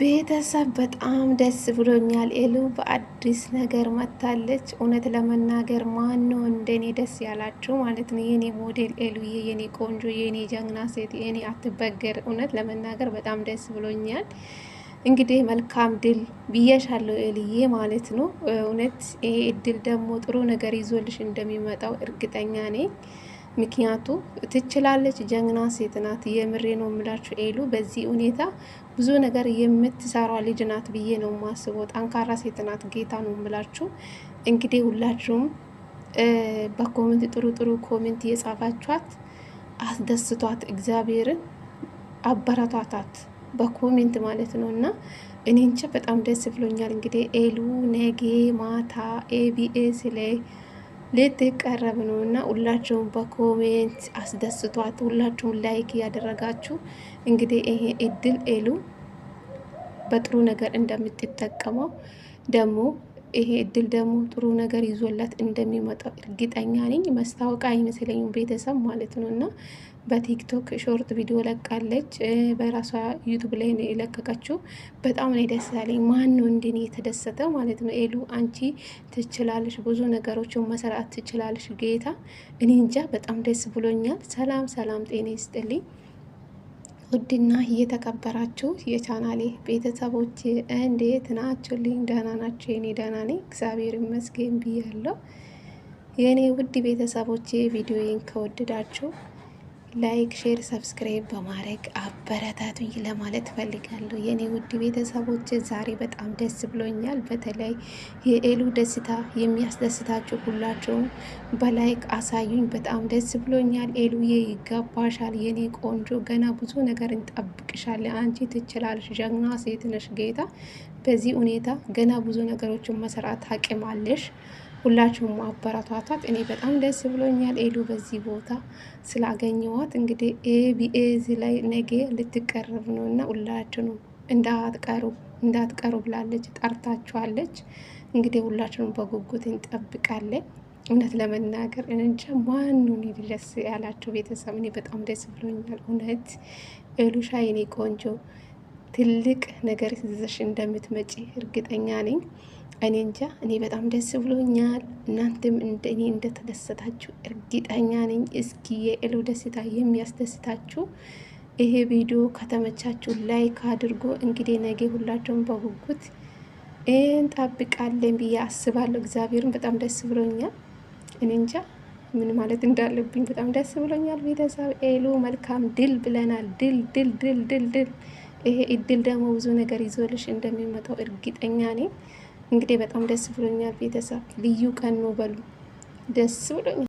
ቤተሰብ በጣም ደስ ብሎኛል። ኤሉ በአዲስ ነገር መታለች። እውነት ለመናገር ማን ነው እንደኔ ደስ ያላችሁ ማለት ነው? የኔ ሞዴል ኤሉዬ፣ የኔ ቆንጆ፣ የኔ ጀግና ሴት፣ የኔ አትበገር። እውነት ለመናገር በጣም ደስ ብሎኛል። እንግዲህ መልካም ድል ብዬሻለሁ ኤልዬ ማለት ነው። እውነት ይሄ እድል ደግሞ ጥሩ ነገር ይዞልሽ እንደሚመጣው እርግጠኛ ነኝ። ምክንያቱ ትችላለች፣ ጀግና ሴት ናት። የምሬ ነው የምላችሁ ኤሉ በዚህ ሁኔታ ብዙ ነገር የምትሰራ ልጅ ናት ብዬ ነው የማስበው። ጠንካራ ሴት ናት። ጌታ ነው ምላችሁ እንግዲህ ሁላችሁም በኮሜንት ጥሩ ጥሩ ኮሜንት እየጻፋችኋት አስደስቷት፣ እግዚአብሔርን አበረታታት በኮሜንት ማለት ነው እና እኔ እንጃ በጣም ደስ ብሎኛል። እንግዲህ ኤሉ ነጌ ማታ ኤቢኤስ ላይ ልትቀረብ ነው እና ሁላቸውን በኮሜንት አስደስቷት፣ ሁላቸውን ላይክ እያደረጋችሁ እንግዲህ ይሄ እድል ኤሉ በጥሩ ነገር እንደምትጠቀመው ደግሞ ይሄ እድል ደግሞ ጥሩ ነገር ይዞላት እንደሚመጣው እርግጠኛ ነኝ። መስታወቂያ አይመስለኝም ቤተሰብ ማለት ነው እና በቲክቶክ ሾርት ቪዲዮ ለቃለች። በራሷ ዩቱብ ላይ ነው የለቀቀችው። በጣም ነው ደስ ያለኝ። ማን ነው እንዲህ የተደሰተ ማለት ነው? ኤሉ አንቺ ትችላለሽ፣ ብዙ ነገሮችን መስራት ትችላለሽ። ጌታ እኔ እንጃ፣ በጣም ደስ ብሎኛል። ሰላም ሰላም፣ ጤና ይስጥልኝ ውድና እየተከበራችሁ የቻናሌ ቤተሰቦች እንዴት ናችሁልኝ? ደህና ናቸው? የኔ ደህና ነኝ እግዚአብሔር ይመስገን ብያለሁ። የእኔ ውድ ቤተሰቦቼ ቪዲዮዬን ከወደዳችሁ ላይክ፣ ሼር፣ ሰብስክራይብ በማድረግ አበረታቱኝ ለማለት ፈልጋለሁ የእኔ ውድ ቤተሰቦች ዛሬ በጣም ደስ ብሎኛል። በተለይ የኤሉ ደስታ የሚያስደስታችሁ ሁላችሁም በላይክ አሳዩኝ። በጣም ደስ ብሎኛል። ኤሉዬ ይገባሻል፣ የኔ ቆንጆ። ገና ብዙ ነገር እንጠብቅሻለን። አንቺ ትችላለሽ። ጀግና ሴት ነሽ። ጌታ በዚህ ሁኔታ ገና ብዙ ነገሮችን መስራት ታቅማለሽ። ሁላችሁም አበረታታት። እኔ በጣም ደስ ብሎኛል። ኤሉ በዚህ ቦታ ስላገኘዋት እንግዲህ ኤቢኤዚ ላይ ነገ ልትቀርብ ነው እና ሁላችሁንም እንዳትቀሩ እንዳትቀሩ ብላለች፣ ጠርታችኋለች። እንግዲህ ሁላችሁንም በጉጉት እንጠብቃለን። እውነት ለመናገር እንጃ ማኑን ደስ ያላቸው ቤተሰብ እኔ በጣም ደስ ብሎኛል። እውነት ኤሉሻ የኔ ቆንጆ ትልቅ ነገር ይዘሽ እንደምትመጪ እርግጠኛ ነኝ። እኔ እንጃ እኔ በጣም ደስ ብሎኛል። እናንተም እንደ እኔ እንደተደሰታችሁ እርግጠኛ ነኝ። እስኪ የኤሉ ደስታ የሚያስደስታችሁ ይሄ ቪዲዮ ከተመቻችሁ ላይክ አድርጎ እንግዲህ ነገ ሁላቸውን በጉጉት እንጠብቃለን ብዬ አስባለሁ። እግዚአብሔርን በጣም ደስ ብሎኛል። እኔ እንጃ ምን ማለት እንዳለብኝ በጣም ደስ ብሎኛል። ቤተሰብ ኤሉ መልካም ድል ብለናል። ድል ድል ድል ድል ድል። ይሄ እድል ደግሞ ብዙ ነገር ይዞልሽ እንደሚመጣው እርግጠኛ ነኝ። እንግዲህ በጣም ደስ ብሎኛል ቤተሰብ። ልዩ ቀን ነው በሉ፣ ደስ ብሎኛል።